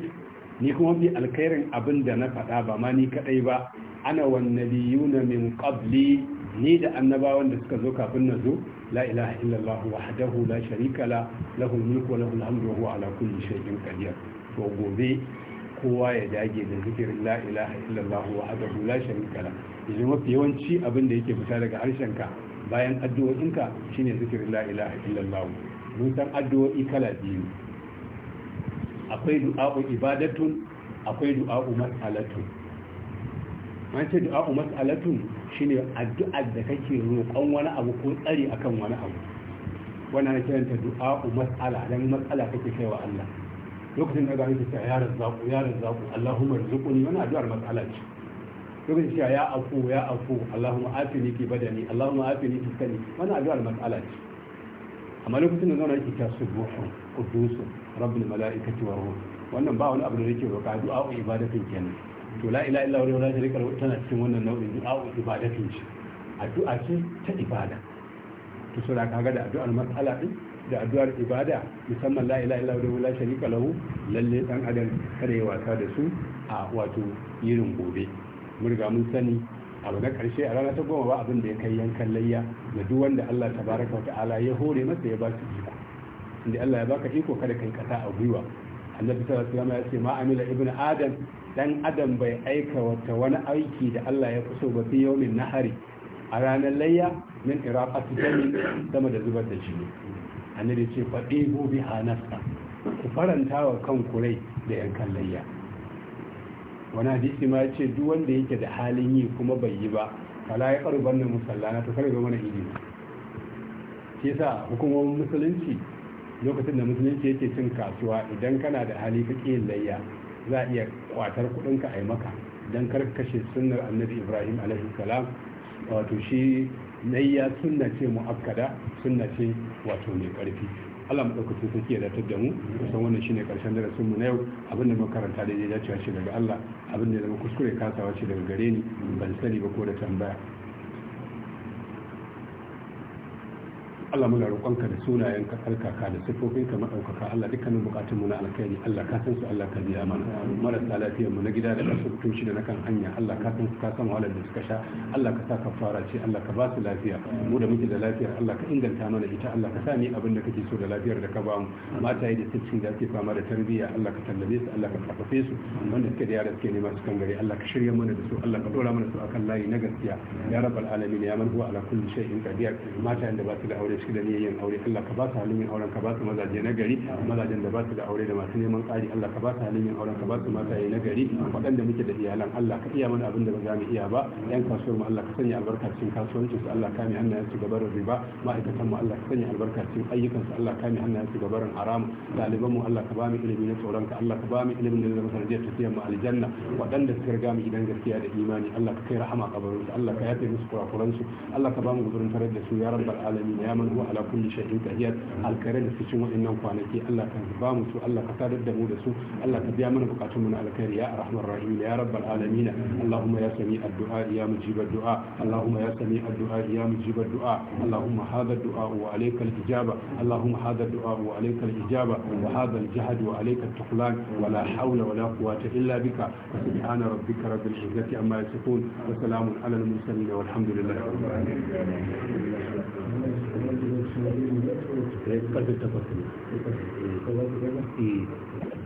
ni kuma bi alkhairin abin da na faɗa ba ma ni kadai ba ana wan nabiyuna min qabli ni da annabawan da suka zo kafin na zo la ilaha illallah wahdahu la sharika la lahu mulku wa lahu alhamdu wa huwa ala kulli shay'in qadir to gobe kowa ya dage da zikirin la ilaha illallah wahdahu la sharika la yanzu mafi yawanci abin da yake fita daga harshenka bayan addu'o'inka shine zikirin la ilaha illallah mun san addu'o'i kala biyu akwai du'a'u ibadatun akwai du'a'u mas'alatun an ce du'a'u mas'alatun shine addu'ar da kake roƙon wani abu ko tsari akan wani abu wannan na kiranta du'a'u mas'ala dan mas'ala kake kai wa Allah lokacin da gani ta ya razzaku ya razzaku Allahumma rzuqni wannan addu'ar mas'ala ce lokacin cewa ya afu ya afu Allahumma afini fi badani Allahumma afini fi kani wannan addu'ar mas'ala ce amma lokacin da zauna yake ta subuhu qudusun rabbul mala'ikati wa ruh wannan ba wani abu da yake kadu du'a ibadatin kenan to la ilaha illa wa la sharika lahu tana cikin wannan nau'in du'a ibadatin ce addu'a ce ta ibada to sura kaga da addu'ar mas'ala din da addu'ar ibada musamman la ilaha illa wa la sharika lahu lalle dan adam kada ya wasa da su a wato yirin gobe mun riga mun sani abu na karshe a rana ta goma ba abin da ya kai yankan layya da duk wanda Allah tabaraka wa ta'ala ya hore masa ya ba su iko inda Allah ya baka iko kada kai kasa a gwiwa annabi sallallahu alaihi wasallam ya ce ma amila ibnu adam dan adam bai aika wata wani aiki da Allah ya kuso ba fi yawmin nahari a ranar layya min iraqati dami sama da zubar da jini annabi ce fa bu bi hanaka ku faranta wa kan kurai da kan layya wani hadisi ma ya ce duk wanda yake da halin yi kuma bai yi ba fala ya karu banna musallana to kare ga mana ilimi shi hukumomin musulunci lokacin da musulunci yake cin kasuwa idan kana da hali ka ƙi layya za a iya kwatar kuɗinka a yi maka don karkashe kashe sunnar annabi ibrahim alaihi salam wato shi layya sunna ce mu'akkada sunna ce wato mai ƙarfi Allah mu ɗaukaci sarki ya datar da mu kusan wannan shine ƙarshen darasin mu na yau abinda muka karanta da ya dacewa ce daga Allah abinda da zama kuskure kasawa ce daga gare ni ban sani ba ko da tambaya Allah muna roƙonka da sunayen ka tsarkaka da sifofin ka madaukaka Allah dukkanin bukatun mu na alkhairi Allah ka san su Allah ka biya mana marasa lafiyar mu na gida da asibitun shi da na kan hanya Allah ka san su ka san wahalar da suka sha Allah ka sa kafara ce Allah ka ba su lafiya mu da muke da lafiyar Allah ka inganta mana ita Allah ka sa ni abin da kake so da lafiyar da ka ba mu mata da sittin da ake fama da tarbiyya Allah ka tallabe su Allah ka karfafe su wanda suke da yara suke nema su kan gari Allah ka shirya mana da su Allah ka dora mana su akan layi na gaskiya ya rabbal alamin ya man huwa ala kulli shay'in qadir mata da ba su da aure da shi da niyyar aure Allah ka ba su halin yin auren ka ba su mazaje na gari mazajen da ba su da aure da masu neman tsari Allah ka ba su halin yin auren ka ba su mataye na gari waɗanda muke da iyalan Allah ka iya mana abin da ba za mu iya ba yan kasuwar mu Allah ka sanya albarka cikin kasuwancin su Allah ka kame hannayen su gabarin riba ma'aikatan mu Allah ka sanya albarka cikin ayyukan su Allah ka kame hannayen su gabarin haram ɗaliban mu Allah ka ba mu ilimi na tsoron ka Allah ka ba mu ilimin da zai zama sanadiyar tafiyar mu aljanna waɗanda suka riga mu gidan gaskiya da imani Allah ka kai rahama kabarin su Allah ka yafe musu kurakuran su Allah ka ba mu gudurin tarar da su ya rabbal alamin ya subhanahu wa ala kulli shay'in qadir alkhairai da cikin wa'annan kwanaki Allah ka ba mu su Allah ka sadar da mu da su Allah ka biya mana bukatun mu na alkhairi ya arhamar rahim ya rabbal alamin Allahumma ya sami addu'a ya mujib addu'a Allahumma ya sami addu'a ya mujib addu'a Allahumma hadha addu'a wa alayka al-ijaba Allahumma hadha addu'a wa alayka al wa hadha al-jahd wa alayka at-tuqlan wa la hawla wa la quwwata illa bika subhana rabbika rabbil izzati amma yasifun wa salamun ala al-mursalin والحمد لله رب العالمين karfe